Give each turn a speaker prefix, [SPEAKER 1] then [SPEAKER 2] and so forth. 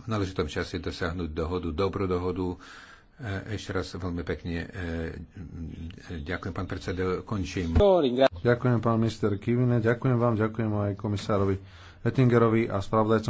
[SPEAKER 1] v náležitom čase dosiahnuť dohodu, dobrú dohodu. E, ešte raz veľmi pekne e, ďakujem, pán predseda, končím.
[SPEAKER 2] Ďakujem, pán minister Kivine, ďakujem vám, ďakujem aj komisárovi Ettingerovi a spravodajcom